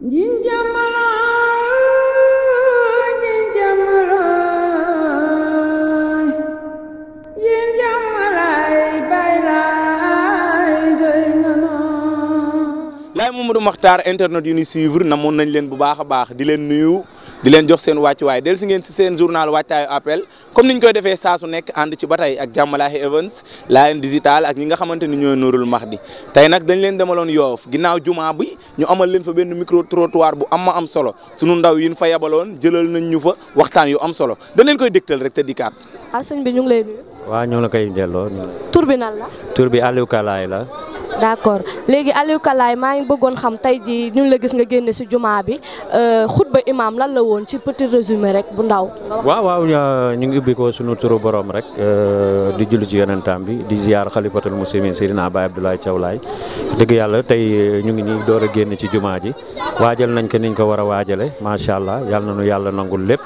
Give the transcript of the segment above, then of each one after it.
您家妈妈 Mouhamadou Makhtar internet yu ni suivre moon nañ leen bu baax a baax di leen nuyu di leen jox seen waay del si ngeen si seen journal wàccaayu appel comme niñ koy defee saa su nekk ànd ci ba tey ak Jàmmalaahi Events Layen Digital ak ñi nga xamante ni ñooy Nuurul Mahdi tey nag dañ leen demaloon yoof ginnaaw jumaa bi ñu amal leen fa benn micro trottoir bu am ma am solo sunu ndaw yi ñu fa yabaloon jëlal nañ ñu fa waxtaan yu am solo dañ leen koy dégtal rek te dikkaat. Ah, sëñ bi ñu ngi lay nuyu. waaw ñoo la koy delloo. tur bi nan la. tur bi Aliou Kalaay la. d'accord léegi Aliou Kalaay maa ngi bëggoon xam tey ji ñu la gis nga génne si jumaa bi euh, xutba imaam lan la woon ci petit résumé rek bu ndaw. waaw waaw ñu ngi ubbikoo sunu turu borom rek euh, di julli ci yonentam bi di ziar xalifatul muslimin Seydina Baye Abdoulaye Thiaw Laye dëgg yàlla tey euh, ñu ngi nii door a génn ci jumaa ji waajal nañ ko ni ñu ko war a waajale macha allah yàlla na nu yàlla nangul lépp.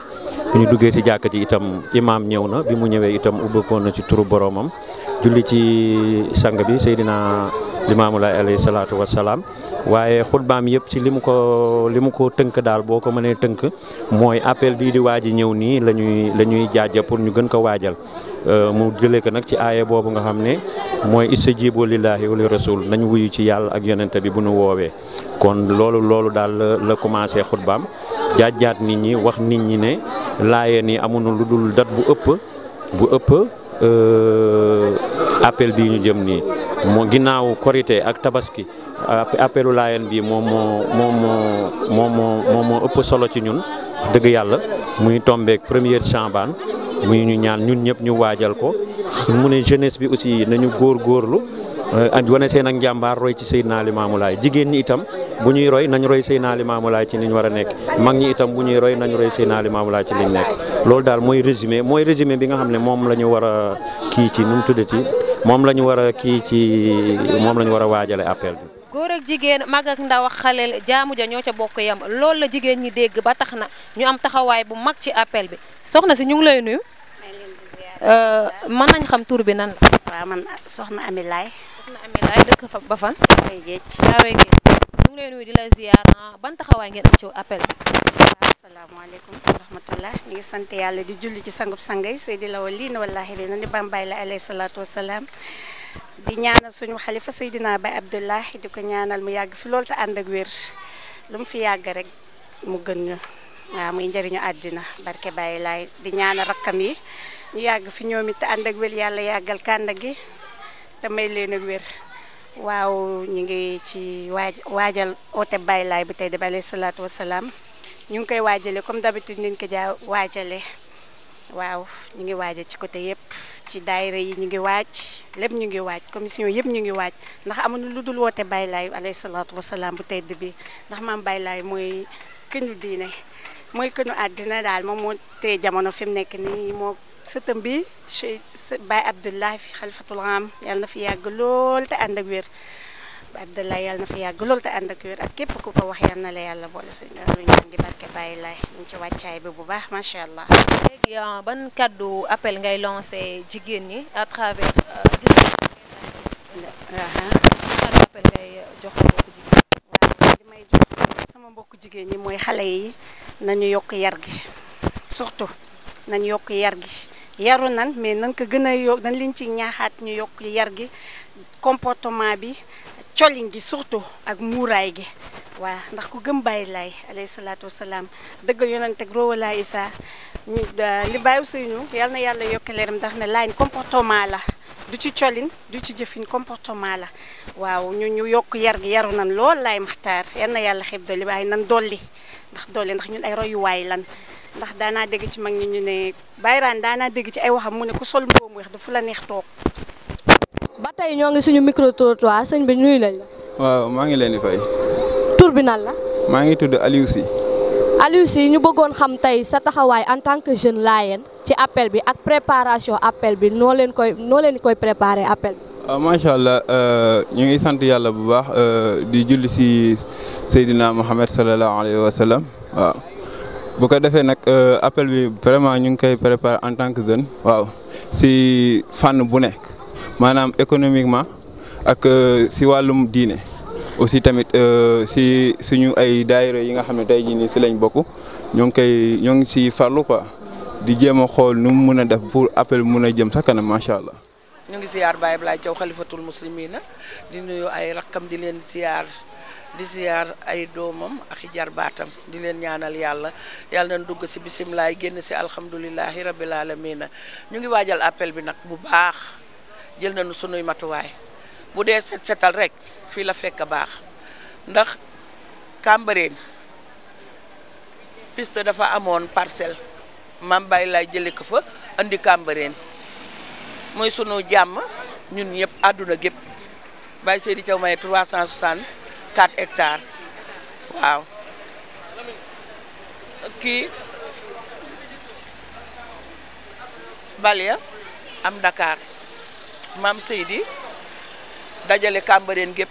bu ñu duggee si jàkka ji itam imaam ñëw na bi mu ñëwee itam ubbi ko na ci turu boromam ci sang bi Seydina. limaamu laay alayhi wasalaam waaye xutbaam yëpp ci li mu ko li mu ko tënk daal boo ko mënee tënk mooy appel bii di waaj a ñëw nii la ñuy la ñuy jaaja pour ñu gën ko waajal euh, mu jëlee ko nag ci aaye boobu nga xam ne mooy sa lillahi wa li rasul nañu wuyu ci yàlla ak yonente bi bu nu woowee kon loolu loolu daal la commencé xutbaam jaajjaat nit ñi wax nit ñi ne laayeen yi amuñu lu dul dat bu ëpp bu ëpp euh, appel bii ñu jëm nii moo ginnaaw korité ak tabaski appelu laayeen bi moom moo moom moo moo moo ëpp solo ci ñun dëgg yàlla muy tombeek premier Sha'ban muy ñu ñaan ñun ñëpp ñu waajal ko mu ne jeunesse bi aussi nañu góor góorlu euh, ak wane seen ak njàmbaar roy ci Seydina Limaamu Laay jigéen ñi itam bu ñuy roy nañ roy Seydina Limaamu Laay ci liñ war a nekk mag ñi itam bu roy nañ roy Seydina Limaamu Laay ci liñ nekk loolu daal mooy résumé mooy résumé bi nga xam ne moom la ñu war kii ci nu mu tuddati moom la ñu war a kii ci moom la ñu war a waajale appel bi. góor ak jigéen mag ak ndaw ak jaamu ja ñoo ca bokk yam loolu la jigéen ñi dégg ba tax na ñu am taxawaay bu mag ci appel bi soxna si ñu ngi lay nuyu. Euh, mën nañ xam tur bi nan soxna Amy Laye. soxna Amy Laye dëkk fa ba fan. Géej Caaroy Géej. ngi lay di la ziar ah, ban taxawaay ngeen am ci appel bi. asalaamaaleykum wa rahmatullah ñu ngi sant yàlla di julli ci sangub sangay Seydi Lawalina wallaahi dina ni bambay la alayhi salaatu wasalaam di ñaanal suñu xalifa Seydina Baye Abdullahi di ko ñaanal mu yàgg fi loolu te ànd ak wér lu mu fi yàgg rek mu gën ñu waaw muy njariñu àddina barke Baye laay di ñaanal rakkam yi ñu yàgg fi ñoom it te ànd ak wér yàlla yàggal kànd gi te may leen ak waaw ñu ngi ci waaj waajal oote Baay Laay bi tey de alayhi salaatu wasalaam ñu ngi koy waajalee comme d'habitude ñu ko jaar waajale waaw ñu ngi waajal ci côté yëpp ci daayira yi ñu ngi waaj lépp ñu ngi waaj commission yëpp ñu ngi waaj ndax amuñu lu dul woote Baay Laay alayhi salaatu wasalaam bu tedd bi ndax maam baylaay Laay mooy këñu diine mooy këñu àddina daal moom moo tee jamono fi mu nekk nii moo. sëtëm bi Cheikh Baye Abdoulaye fi xalifatul am yàlla na fi yàgg lool te ànd ak wér na fi yàgg lool ànd ak ak képp ku ko wax yàlla na la yàlla boole suñu lu ñu ngi barke Baye Laay ñu ci wàccaay bi bu baax macha allah. léegi euh, ban kàddu appel ngay lancé jigéen ñi à travers. Euh, appel euh, jox sa mbokku jigéen. waaw ñi mooy xale yi nañu yokk yar gi surtout nañu yokk yar gi. yaru nan mais nan ko gën a yokk dañ leen ci ñaaxaat ñu yokk yar gi comportement bi colin gi surtout ak muuraay gi waaw ndax ku gën bàyyi laay alayhi salaatu salaam dëgg yonante ak roowalaa isa li bàyyi ñu yar na yàlla yokk leeram ndax ne laay comportement la du ci colin du ci jëfin comportement la waaw ñu ñu yokk yar gi yaru nan lool laay maxtaar yal na yàlla xeeb dolli waaye nan dolli ndax dolli ndax ñun ay royuwaay lan ndax dana deg ci mag ñu ñu ne bayran dana deg ci ay waxam mu ne ku sol mbom weex dafa la neex tok ba tay ñoo ngi suñu micro trottoir señ bi ñuy lañ la. waaw ma ngi leen di fay. tour bi nan la. ma ngi tudd Aliou si Aliou si ñu bëggoon xam tay sa taxaway en tant que jeune Layène ci appel bi ak préparation appel bi no leen koy no leen koy préparer appel bi. waaw ah, macha euh, ñu ngi sant yalla bu baax euh, di julli si sayyidina Muhammad sallallahu alayhi wa sallam waaw. bu ko defee nag euh, appel bi vraiment ñu ngi koy préparer en tan que jeune waaw si fànn bu nekk maanaam économiquement ak euh, si wàllum diine aussi tamit euh, si suñu ay daayira yi nga xam ne tey jii nii si lañ bokk ñoo ngi koy ñoo ngi si farlu quoi di jéem a xool nu mu mën a def pour appel mun a jëm sa kanam macha allah. ñu ngi ziar Baye Ablaye Thiaw xalifatul muslimina di nuyu ay rakkam di leen ziar. di ziar ay domam ak batam di len ñaanal yalla yalla nañ dugg si bismillah genn si alhamdulilahi rabbil alamin ñu ngi wajal appel bi nak bu baax jël nañu sunuy matuwaay bu dé set setal rek fi la fekk baax ndax piste dafa amone parcel mam bay lay jël ko fa andi Cambérène moy sunu jam ñun ñep aduna gep bay Seydi Thiaw may 360 4 hectares waaw kii Balia am Dakar maam Seydi dajale Cambérène gépp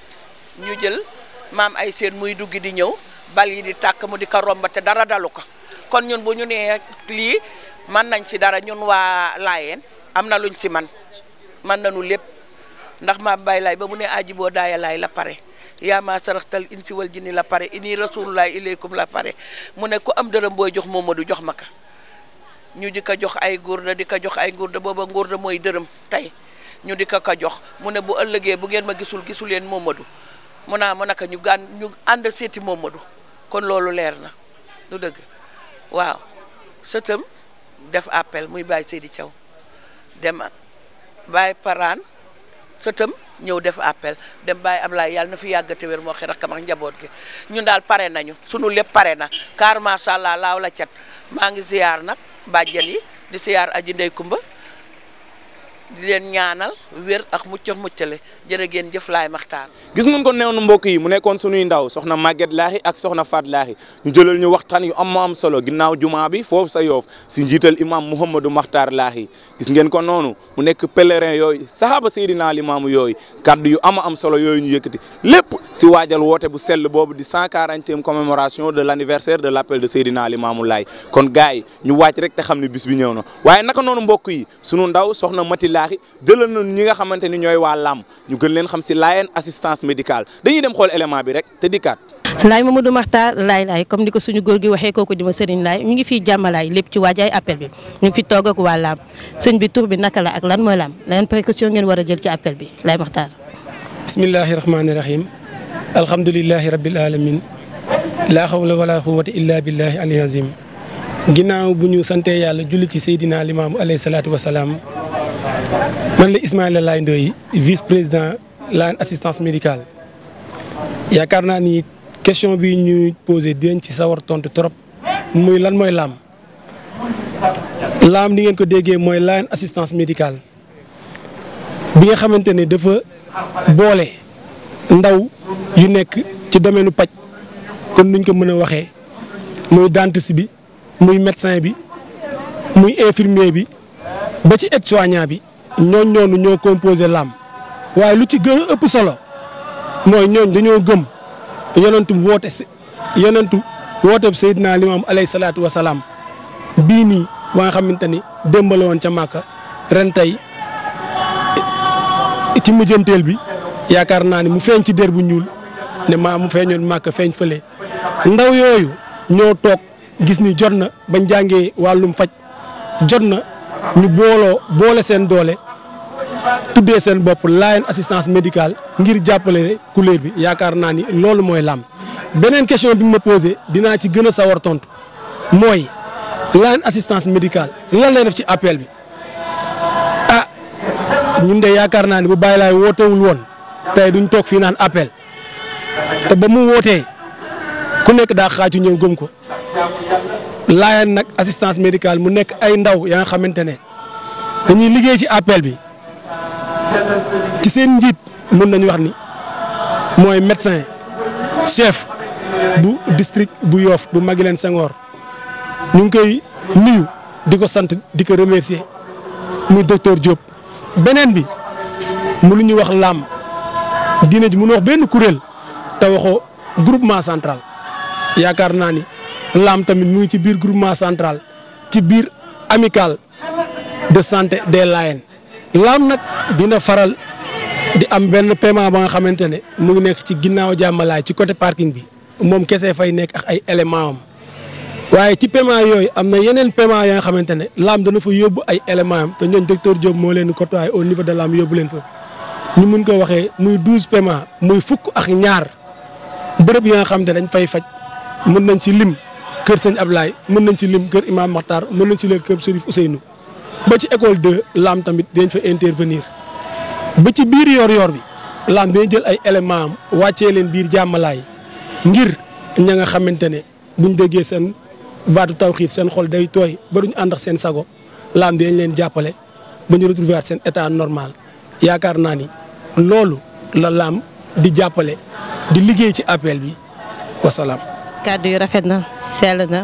ñu jël maam ay seen muy dugg di ñëw bal yi di tàkk mu di ko romb te dara dalu ko kon ñun bu ñu nee lii mën nañ ci dara ñun waa Laayeen am na luñ ci man mën nañu lépp ndax maam Baye Laay ba mu ne aji boo daaya laay la pare yaa ma saraxtal insi wal jinni la pare inni rasulullah ilaykum la pare mu ne ku am dërëm booy jox Momadou jox ma ka ñu di ko jox ay gurda di ko jox ay gurda booba gurda mooy dërëm tey ñu di ko ko jox mu ne bu ëllëgee bu ngeen ma gisul gisul leen Momadou mu naa mu naka ñu gaan ñu ànd seeti moom Momadou kon loolu leer na lu dëgg waaw sëtam def appel muy Baye Seydi caw dem Baye Paraan sëtam ñëw def appel dem bàyyi Ablaye yàlla na fi yàggate wér moo xi rakkam ak njaboot gi ñun daal pare nañu sunu lépp pare na car macha laaw la cat maa ngi ziyaar nag bàjjen yi di ziyaar aji ndey kumba di leen ñaanal wér ak mucc ak muccale jërë ngeen jëf laay maxtaan gis ngeen ko neewoon mbokk yi mu nekkoon suñuy ndaw soxna Maguette Laahi ak soxna Fat Laahi ñu jëlal ñu waxtaan yu am am solo ginnaaw jumaa bi foofu sa yoof si njiital imam Mouhamadou Makhtar Laahi gis ngeen ko noonu mu nekk pèlerin yooyu saxaaba Seydina Limaamu yooyu kaddu yu ama am solo yooyu ñu yëkkati lépp si waajal woote bu sell boobu di 140e commémoration de l' anniversaire de l' appel de Seydina Limaamu Laay kon gars ñu wàcc rek te xam ne bis bi ñëw na jaaxi jëlal nañu ñi nga xamante ni ñooy waa làmb ñu gën leen xam si Layène assistance médicale dañuy dem xool élément bi rek te dikkaat laay Mamadou Makhtar laay laay comme ni ko suñu góor gi waxee kooku di ngi fiy jàmmalaay lépp ci waajaay appel bi ñu fi toog ak waa laam sëñ bi tur bi naka la ak lan mooy laam lan précaution ngeen war a jël ci appel bi laay Makhtar. bismillahi rahmaani rabbil alamin laa xawla wala quwwata illa billahi man la Ismaïla Laye Ndoye vice président Laan assistance médicale yaakaar naa ni question bi ñu posé dinañ ci sawar tontu trop muy lan mooy laam laam ni ngeen ko déggee mooy Laan assistance médicale bi nga xamante ne dafa boole ndaw yu nekk ci domaine paj kon nuñ ko mën a waxee muy dentiste bi muy médecin bi muy infirmier bi ba ci aide bi. ñooñ ñoonu ñoo composé làmb waaye lu ci gë ëpp solo mooy ñooñ dañoo gëm yonentu woote si yonentu woote Seydina Limaamu alayhi salaatu wa salaam bii nii ba nga xamante ni démb ca Màkka ren tey ci mujjanteel bi yaakaar naa ni mu feeñ ci der bu ñuul ne maa mu feeñoon Màkka feeñ fële ndaw yooyu ñoo toog gis ni jot na bañ jàngee wàllum jot na ñu booloo boole seen doole tuddee seen bopp Layène assistance médical ngir jàppale couleur bi yaakaar naa ni loolu mooy làmb beneen question bi ma posé dinaa ci gën a sawar tontu mooy Layène assistance médicale lan lay def ci appel bi a ah, ñun de yaakaar naa ni bu bàyyi laay wootewul woon tey duñ toog fii naan appel te ba mu wootee ku nekk daa xaaju ñëw gëm ko layan nak assistance médicale mu nek ay ndaw ya nga xamantene dañuy liggéey ci appel bi ci seen njit mën nañ wax ni moy médecin chef bu district bu yof bu Maguilène sangor ñu ngi koy nuyu diko sante sant remercier muy docteur Diop. benen bi mënuñu wax lam diine ji mënu wax ben waxo groupement central yaakaar naa ni. laam tamit mu ngi ci biir groupement central ci biir amical de santé des Layènes laam nag dina faral di am benn paiement ba nga xamante ne mu ngi nekk ci ginnaaw jàmmalaay ci côté parking bi moom kese fay nekk ay éléments am waaye ci paiement yooyu am na yeneen paiement ya nga xamante ne laam dana fa yóbbu ay éléments am te ñooñ docteur Diop moo leen côtoyé au niveau de laam yóbbu leen fa ñu mun ko waxee muy douze paiements muy fukk ak ñaar bërëb yi nga xamante ne dañ fay faj mun nañ ci lim kër sëñ Ablaye mën nañ ci lim kër Imam Makhtar mën nañ ci lim kër Serif Ousseynou ba ci école de laam tamit dañ fa intervenir ba ci biir yoor yoor bi laam dañ jël ay éléments am wàccee leen biir jàmmalaay ngir ña nga xamante ne buñ déggee seen baatu taw tawxiit seen xol day tooy ba duñ ànd ak seen sago laam dañ leen jàppale ba ñu retrouver seen état normal yaakaar naa ni loolu la laam di jàppale di liggéey ci appel bi wasalaam. kàddu yu rafet na sell na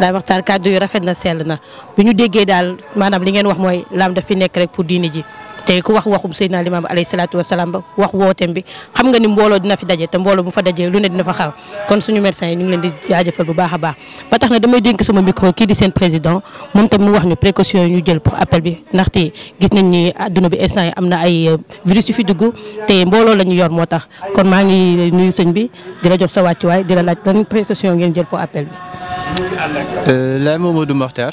daal waxtaan kàddu yu rafet na sell na bu ñu déggee daal maanaam li ngeen wax mooy laam daf fi nekk rek pour diine ji te ku wax waxum Seydina Limaamu alayhi salaatu wa salaam ba wax wooteem bi xam nga ni mbooloo dina fi daje te mbooloo bu fa dajee lu ne dina fa xaw kon suñu médecins yi ñu ngi leen di jaajëfal bu baax a baax ba tax na damay dénk sama micro kii di seen président moom tam mu wax ñu précaution yi ñu jël pour appel bi ndaxte gis nañ ni adduna bi instant yi am na ay euh, virus yu fi dugg te mbooloo la ñu yor moo tax kon maa ngi nuyu sëñ bi di la jox sa wàcc wàccuwaay di la laaj lan précaution ngeen jël pour appel bi. Euh, Laye Mamadou Mokhtar.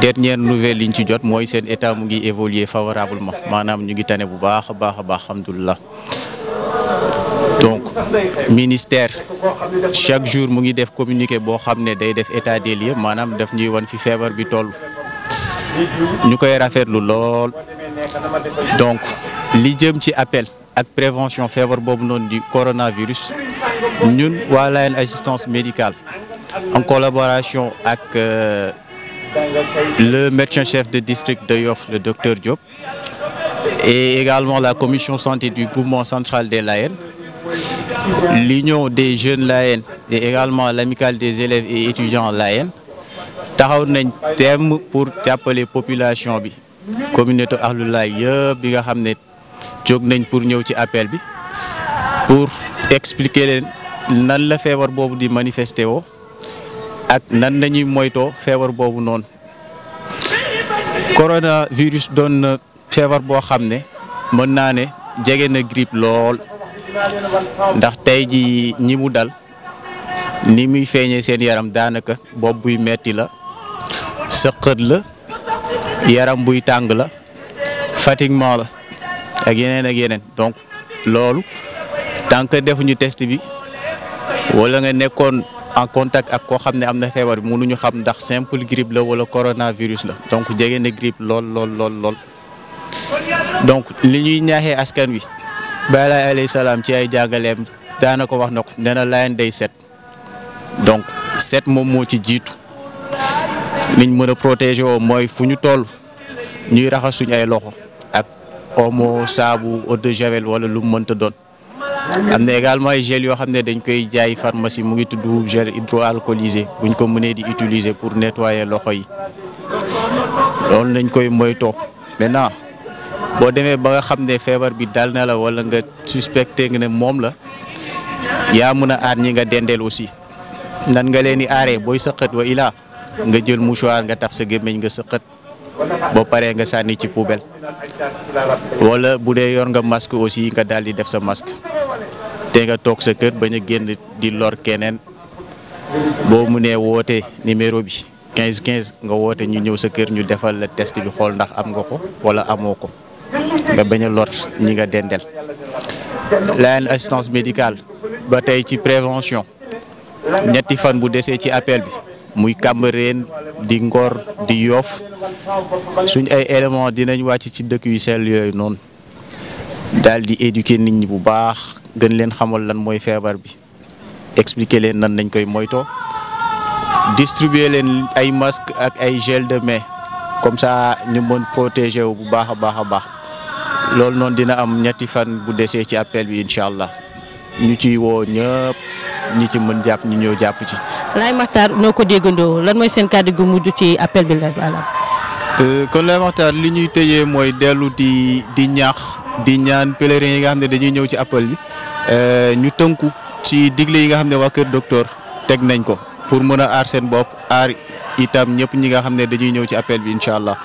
dernière nouvelle liñ ci jot moy sen état mu ngi évoluer favorablement manam ñu ngi tané bu baax baax a baax donc ministère chaque jour mu ngi def communiquer bo xamné day def état des lieux manam def ñuy wan fi fièvre bi toll ñu koy rafetlu lool donc li jëm ci appel ak prévention fièvre bobu non di coronavirus ñun waa Layène assistance médicale en collaboration ak euh, le médecin-chef de district de Yoff, le docteur Diop, et également la commission santé du gouvernement central des l'AYEN, l'union des jeunes l'AYEN et également l'amicale des élèves et étudiants LAN. taxaw un thème pour la population la communauté de pour pour expliquer ce nan la manifester ak nan lañuy moytoo feebar boobu noonu coronavirus doon na feebar boo xam ne mën naa ne jege na grippe lool ndax tey ji ñi mu dal ni muy feeñee seen yaram daanaka bopp buy metti la sëqët la yaram buy tàng la fatiguement la ak yeneen ak yeneen donc loolu tant defuñu test bi wala nga nekkoon en contact ak koo xam ne am na feebar bi ñu xam ndax simple grippe la wala coronavirus la donc jege na grippe lool lool lool donc li ñuy ñaaxee askan wi Baay alayhi salaam ci ay jàngaleem daanaka wax na ko nee na Layeen day set donc set moom moo ci jiitu liñ mën a protéger woo mooy fu ñu toll ñuy raxas ay loxo ak omo saabu eau de javel wala lu mu mënta doon. amna na également ay gel yo xam dañ koy jaay pharmacie mu ngi tuddu gel hydroalcoolisé buñ ko mëne di utiliser pour nettoyer loxo yi lool nañ koy moyto maintenant bo démé ba nga xamné fièvre bi dal na la wala nga suspecté nga ne moom la ya mëna at ñi nga dendeel aussi nan nga leen aré boy booy wa ila nga jël mouchoir nga taf sa gémmiñ nga sëqat bo paré nga sanni ci poubelle wala bu dee yor nga masque aussi nga dal di def sa masque te nga toog sa kër bañ a génn di lor keneen boo mu nee woote numéro bi 15 15 nga woote ñu ñëw sa kër ñu defal la test bi xool ndax am nga ko wala amoo ko nga bañ a lor ñi nga dendel laan assistance médicale ba tey ci prévention ñetti fan bu desee ci appel bi muy Cambérène di Ngor di Yoff suñ ay éléments dinañ wàcc ci dëkk yu sell yooyu noonu daal di éduquer nit ñi bu baax gën leen xamal lan mooy feebar bi expliquer leen nan nañ koy moytoo distribuer leen ay masque ak ay gel de mais comme ça ñu mën protéger wu bu baax a baax a baax loolu noonu dina am ñetti fan bu desee ci appel bi incha allah ñu ciy woo ñëpp ñi ci mën jàpp ñu ñëw jàpp ci. Laye Makhtar noo ko déggandoo lan mooy seen kàddu gu mujj ci appel bi la euh, voilà. kon Laye Makhtar li ñuy tëjee mooy dellu di di ñaax. di ñaan pèlerins yi nga xam ne dañuy ñëw ci appel bi euh, ñu tënku ci digle yi nga xam ne waa Kër Docteur teg nañ ko pour mën a aar seen bopp aar itam ñëpp ñi nga xam ne dañuy ñëw ci appel bi incha allah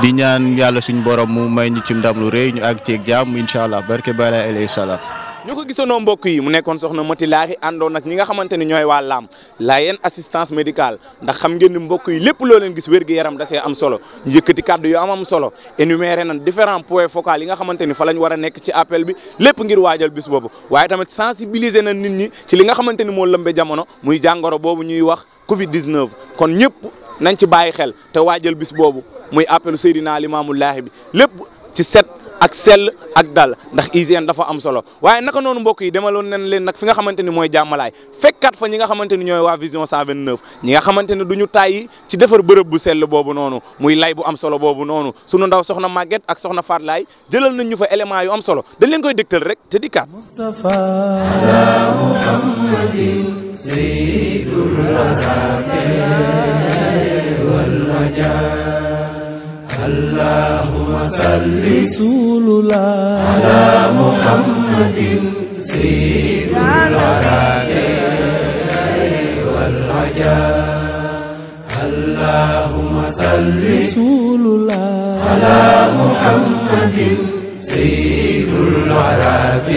di ñaan yàlla suñu borom mu may ñu cim ndam lu rëy ñu àgg ceeg jàmm incha allah barke bala alayhi salaam ñu ko gisanoo mbokk mu nekkoon soxna Mati Laaxi àndoon nag ñi nga xamante ni ñooy waa laam Layeen assistance médicale ndax xam ngeen ni yi lépp loo leen gis wér-gu-yaram dasee am solo ñu yëkkati kàddu yu am am solo énuméré nan différents points focaux yi nga xamante ni fa lañ war a nekk ci appel bi lépp ngir waajal bis boobu waaye tamit sensibiliser na nit ñi ci li nga xamante ni moo lëmbe jamono muy jàngoro boobu ñuy wax Covid 19 kon ñëpp nañ ci bàyyi xel te waajal bis boobu muy appelu Seydina Limaamu Laahi bi lépp ci ak sell ak dal ndax hygiène dafa am solo waaye naka noonu mbokk yi demaloon nañ leen nag fi nga xamante ni mooy jàmmalaay fekkat fa ñi nga xamante ni ñooy waa vision 129 ñi nga xamante ni du ñu tàyyi ci defar bërëb bu sell boobu noonu muy lay bu am solo boobu noonu sunu ndaw soxna Maguette ak soxna Faat Laay jëlal nañ ñu fa élément yu am solo dañ leen koy dégtal rek te dikkaat Mustafa ala Muhammadin sayyidul rasaa'il wal majaa اللهم صل رسول الله على محمد سيد العرب والعجاب اللهم صل رسول الله على محمد سيد العرب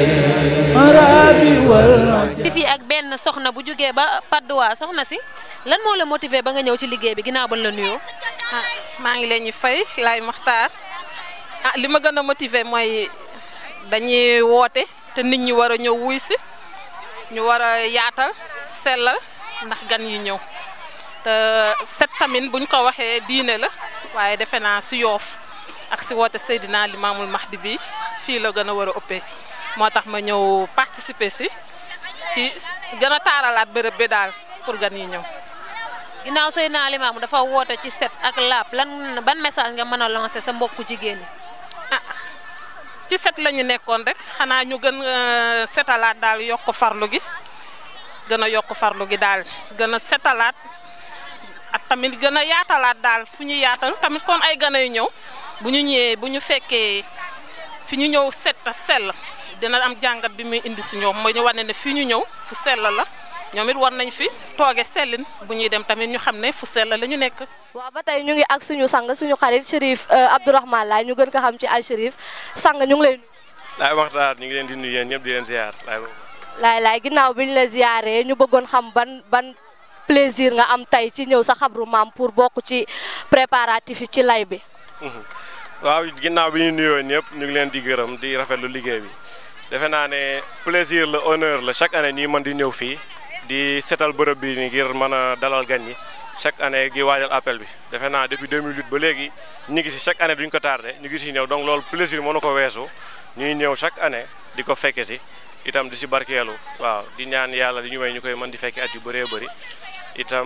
العرب والعجاب في ak سخنة soxna bu سخنة سي lan moo la motiver ba nga ñëw ci liggéey bi ginaa bañ la nuyoo. ah maa ngi leen ñu fay laay maxtaar ah li ma gën a motiver mooy dañuy woote te nit ñi war a ñëw wuy si ñu war a yaatal sellal ndax gan yi ñëw te set tamit buñ ko waxee diine la waaye defe naa si yoof ak si woote Seydina Limaamul Mahdi bi fii la gën a war a ëppee moo tax ma ñëw participer si ci gën a taaralaat bërëb bi daal pour gan yi ñëw. ginnaaw Seydina Limaamu dafa woote ci set ak laab lan ban message nga mën a lancer sa mbokku jigéen ñi. ah ci set la ñu nekkoon rek xanaa ñu gën euh, setalaat daal yokk farlu gi gën a yokk farlu gi daal gën a setalaat ak tamit gën a yaatalaat daal fu ñu yaatal tamit kon ay gën ay ñëw bu ñu ñëwee bu ñu fekkee fi ñu ñëw set a sell dina am jàngat bi muy indi si ñoom mooy ñu wane ne fii ñu ñëw fu sel la. ñoom it war nañ fi tooge sellin bu ñuy dem tamit ñu xam ne fu sell la ñu nekk. waaw ba tey ñu ngi ak suñu sang suñu xarit Chérif euh, Abdourahmane Laye ñu gën ko xam ci al Chérif sang ñu ngi lay nuyu. laay waxtaan ñu ngi leen di nuyu yéen ñëpp di leen ziar ginnaaw bi ñu la ziaree ñu bëggoon xam ban ban plaisir nga am tey ci ñëw sa xabru maam pour bokk ci préparatif yi ci lay bi. Mhm. waaw ginnaaw bi ñu nuyoo ñëpp ñu ngi leen di gërëm di rafetlu liggéey bi defe naa ne plaisir la honneur la chaque année ñuy mën di ñëw fii. di setal bërëb bi ngir gir mana dalal gan yi chaque année gi waajal appel bi defé na depuis 2008 ba légui ñi ngi si chaque année duñ ko tardé ñi ngi si ñew donc lool plaisir mënu ko wéssu ñuy ñew chaque année di féké ci itam di ci wow waaw di ñaan yalla di ñu may ñukoy mën di féké at yu bëré bëri itam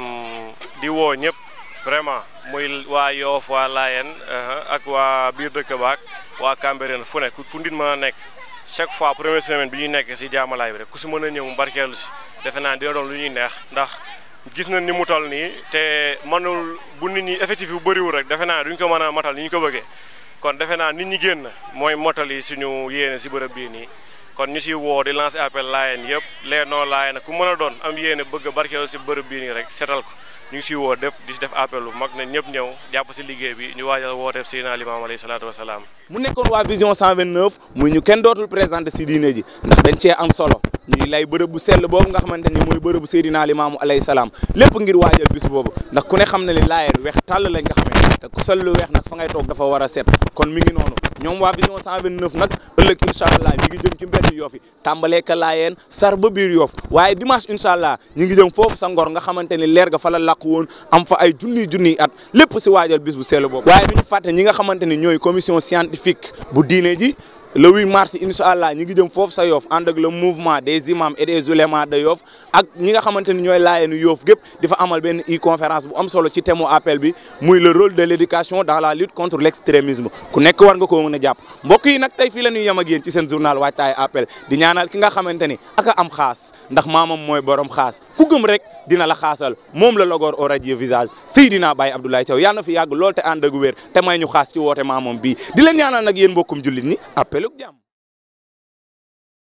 di wo ñep vraiment wa waa Yoof layen Laayeen ak wa bir de kebak wa Cambérène fu ne fu chaque fois première semaine bi ñu nekk si jaamalaay bi rek ku si mën a ñëw mu barkeelu si defe naa dina doon lu ñuy neex ndax gis nañ ni mu toll nii te mënul bu nit ñi effectif bu bëriwul rek defe naa duñ ko mën a matal ni ñu ko bëggee kon defe naa nit ñi génn mooy motal yi suñu yéene si bërëb bii nii kon ñu si woo di lancer appel laayeen yëpp lee noo laayeen ku mën a doon am yéene bëgg a barkeelu si bërëb bii nii rek setal ko ñu ngi siy woo def di si def appel bu mag na ñëpp ñëw jàpp si liggéey bi ñu waajal wooteef Seydina Limaam alayhi salaatu wa salaam. mu nekkoon waa vision 129 muy ñu kenn dootul présent si diine ji ndax dañ cee am solo. ñuy lay bërëb bu sell boobu nga xamante ni mooy bërëb bu Seydina Limaamu alayhi salaam lépp ngir waajal bis boobu ndax ku ne xam na ni laayeen weex tàll lañ nga xamee te ku sol weex nag fa ngay toog dafa war a set kon mi ngi noonu ñoom waa vision 129 nag ëllëg incha allah ñi ngi jëm ci mbedd yoof tàmbalee ka laayeen sar ba biir yoof waaye dimanche incha allah ñi ngi jëm foofu sa ngor nga xamante ni leer ga fa la làq woon am fa ay junniy junniy at lépp si waajal bis bu sell boobu waaye duñu nga xamante ni ñooy commission scientifique bu diine ji le 8 mars incha allah ñi ngi jëm foofu sa yoof ànd ak le mouvement des imams et des oulémas de yoof ak ñi nga xamante ni ñooy laayeenu yoof gépp di fa amal benn i conférence bu am solo ci thème appel bi muy le rôle de l' dans la lutte contre l' extrémisme ku nekk war nga koo mën a jàpp yi nag tey fii la ñuy yem ak yéen ci seen journal waajtaay appel di ñaanal ki nga xamante ni aka am xaas ndax maamam mooy borom xaas ku gëm rek dina la xaasal moom la logoor au radio visage Seydina Baye Abdoulaye Thiaw yàlla lool te ànd ak wér te may ñu xaas ci woote Look them.